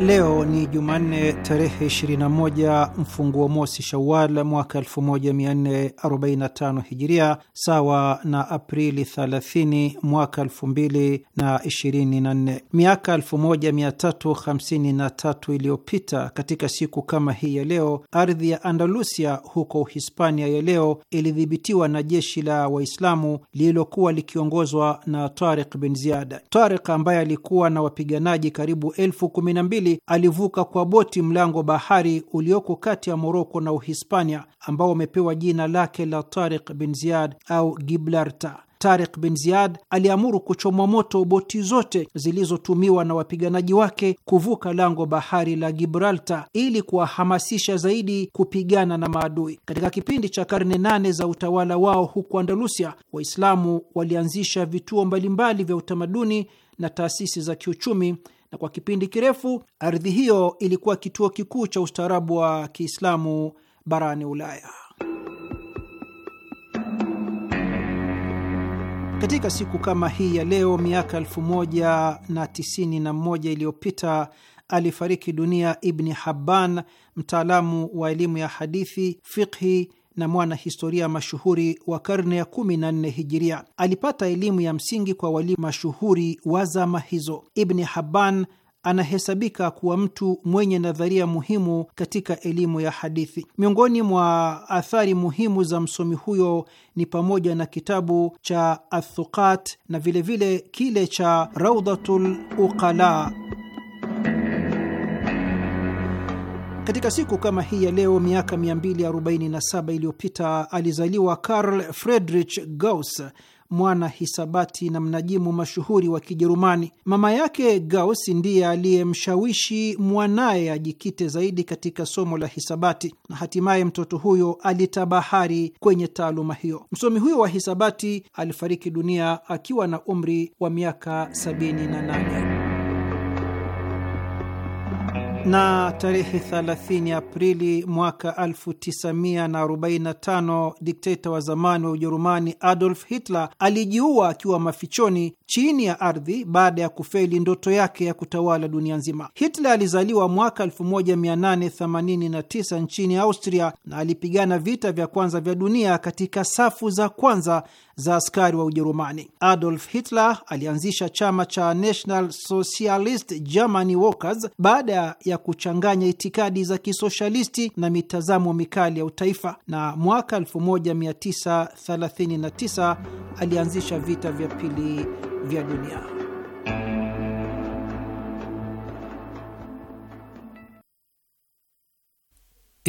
Leo ni Jumanne tarehe 21 mfunguo mosi Shawal mwaka 1445 Hijiria, sawa na Aprili 30 mwaka 2024. Miaka 1353 iliyopita katika siku kama hii ya leo, ardhi ya Andalusia huko hispania ya leo ilidhibitiwa na jeshi la Waislamu lililokuwa likiongozwa na Tariq bin Ziyad. Tariq ambaye alikuwa na wapiganaji karibu elfu kumi na mbili Kiswahili alivuka kwa boti mlango bahari ulioko kati ya Moroko na Uhispania ambao wamepewa jina lake la Tariq bin Ziyad au Gibraltar. Tariq bin Ziyad aliamuru kuchomwa moto boti zote zilizotumiwa na wapiganaji wake kuvuka lango bahari la Gibraltar ili kuwahamasisha zaidi kupigana na maadui. Katika kipindi cha karne nane za utawala wao huku Andalusia, Waislamu walianzisha vituo mbalimbali vya utamaduni na taasisi za kiuchumi na kwa kipindi kirefu ardhi hiyo ilikuwa kituo kikuu cha ustaarabu wa Kiislamu barani Ulaya. Katika siku kama hii ya leo miaka 1091 iliyopita alifariki dunia Ibni Habban, mtaalamu wa elimu ya hadithi, fiqhi na mwanahistoria mashuhuri wa karne ya 14 hijiria. Alipata elimu ya msingi kwa walimu mashuhuri wa zama hizo. Ibni Habban anahesabika kuwa mtu mwenye nadharia muhimu katika elimu ya hadithi. Miongoni mwa athari muhimu za msomi huyo ni pamoja na kitabu cha Athuqat na vilevile vile kile cha Raudhatul Uqala. Katika siku kama hii ya leo miaka 247 iliyopita alizaliwa Karl Friedrich Gauss, mwana hisabati na mnajimu mashuhuri wa Kijerumani. Mama yake Gauss ndiye aliyemshawishi mwanaye ajikite zaidi katika somo la hisabati na hatimaye mtoto huyo alitabahari kwenye taaluma hiyo. Msomi huyo wa hisabati alifariki dunia akiwa na umri wa miaka 78 na tarehe 30 Aprili mwaka 1945 dikteta wa zamani wa Ujerumani Adolf Hitler alijiua akiwa mafichoni chini ya ardhi baada ya kufeli ndoto yake ya kutawala dunia nzima. Hitler alizaliwa mwaka 1889 nchini Austria na alipigana vita vya kwanza vya dunia katika safu za kwanza za askari wa Ujerumani. Adolf Hitler alianzisha chama cha National Socialist Germany Workers baada ya kuchanganya itikadi za kisoshalisti na mitazamo mikali ya utaifa, na mwaka 1939 alianzisha vita vya pili vya dunia.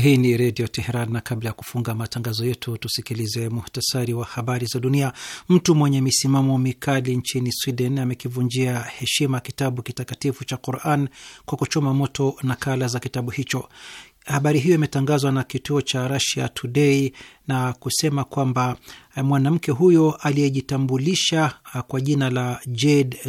Hii ni Redio Teheran, na kabla ya kufunga matangazo yetu tusikilize muhtasari wa habari za dunia. Mtu mwenye misimamo mikali nchini Sweden amekivunjia heshima kitabu kitakatifu cha Quran kwa kuchoma moto nakala za kitabu hicho. Habari hiyo imetangazwa na kituo cha Russia Today na kusema kwamba eh, mwanamke huyo aliyejitambulisha eh, kwa jina la Jade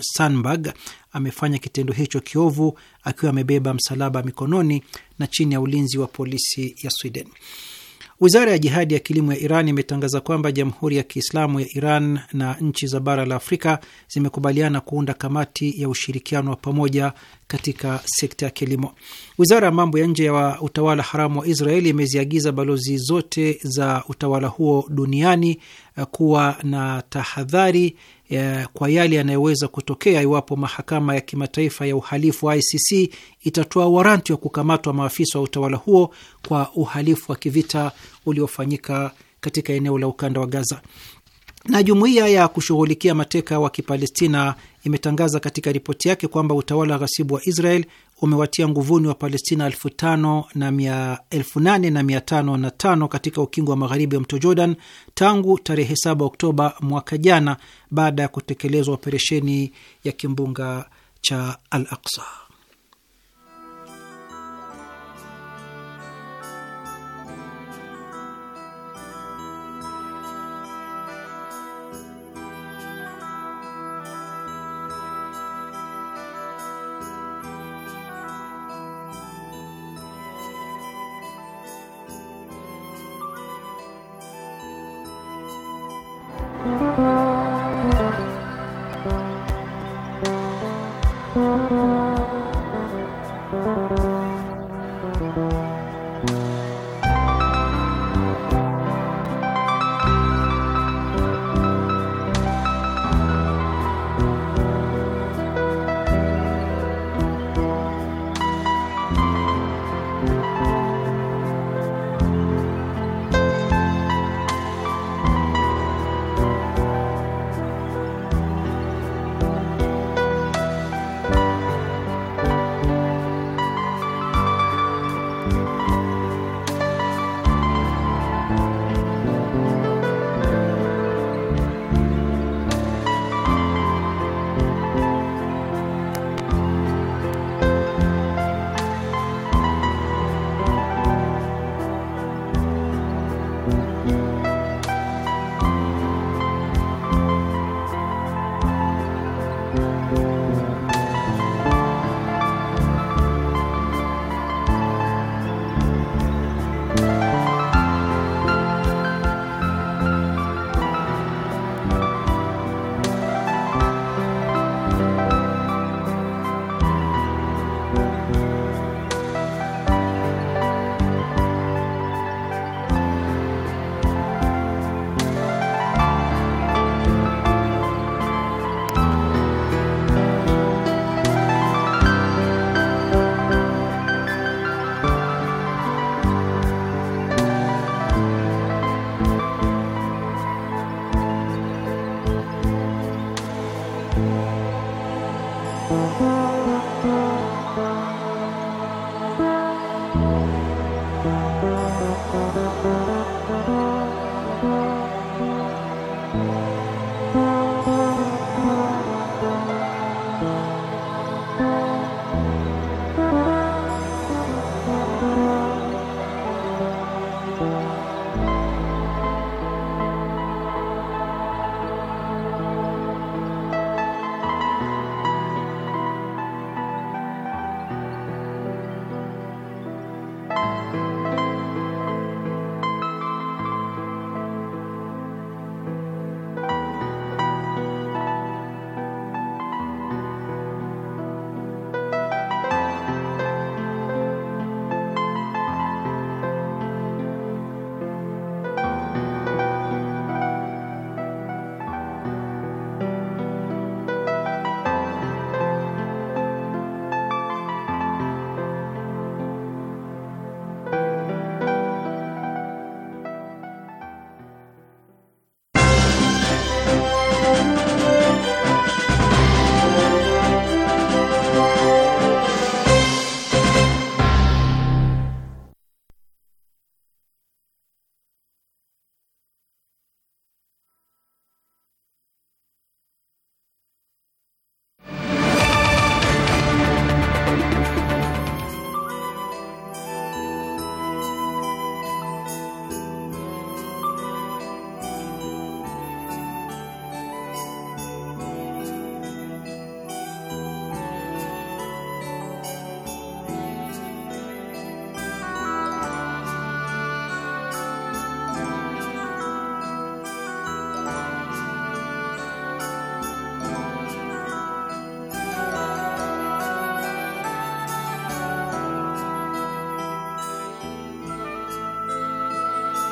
Sandberg amefanya kitendo hicho kiovu akiwa amebeba msalaba mikononi na chini ya ulinzi wa polisi ya Sweden. Wizara ya Jihadi ya Kilimo ya Iran imetangaza kwamba Jamhuri ya Kiislamu ya Iran na nchi za bara la Afrika zimekubaliana kuunda kamati ya ushirikiano wa pamoja katika sekta ya kilimo. Wizara ya mambo ya nje ya utawala haramu wa Israeli imeziagiza balozi zote za utawala huo duniani eh, kuwa na tahadhari ya kwa yale yanayoweza kutokea iwapo mahakama ya kimataifa ya uhalifu wa ICC itatoa waranti wa kukamatwa maafisa wa utawala huo kwa uhalifu wa kivita uliofanyika katika eneo la ukanda wa Gaza. Na jumuiya ya kushughulikia mateka wa Kipalestina imetangaza katika ripoti yake kwamba utawala ghasibu wa Israel umewatia nguvuni wa Palestina elfu tano na mia, elfu nane na mia tano na tano katika ukingo wa magharibi wa mto Jordan tangu tarehe 7 Oktoba mwaka jana baada ya kutekelezwa operesheni ya kimbunga cha Al Aqsa.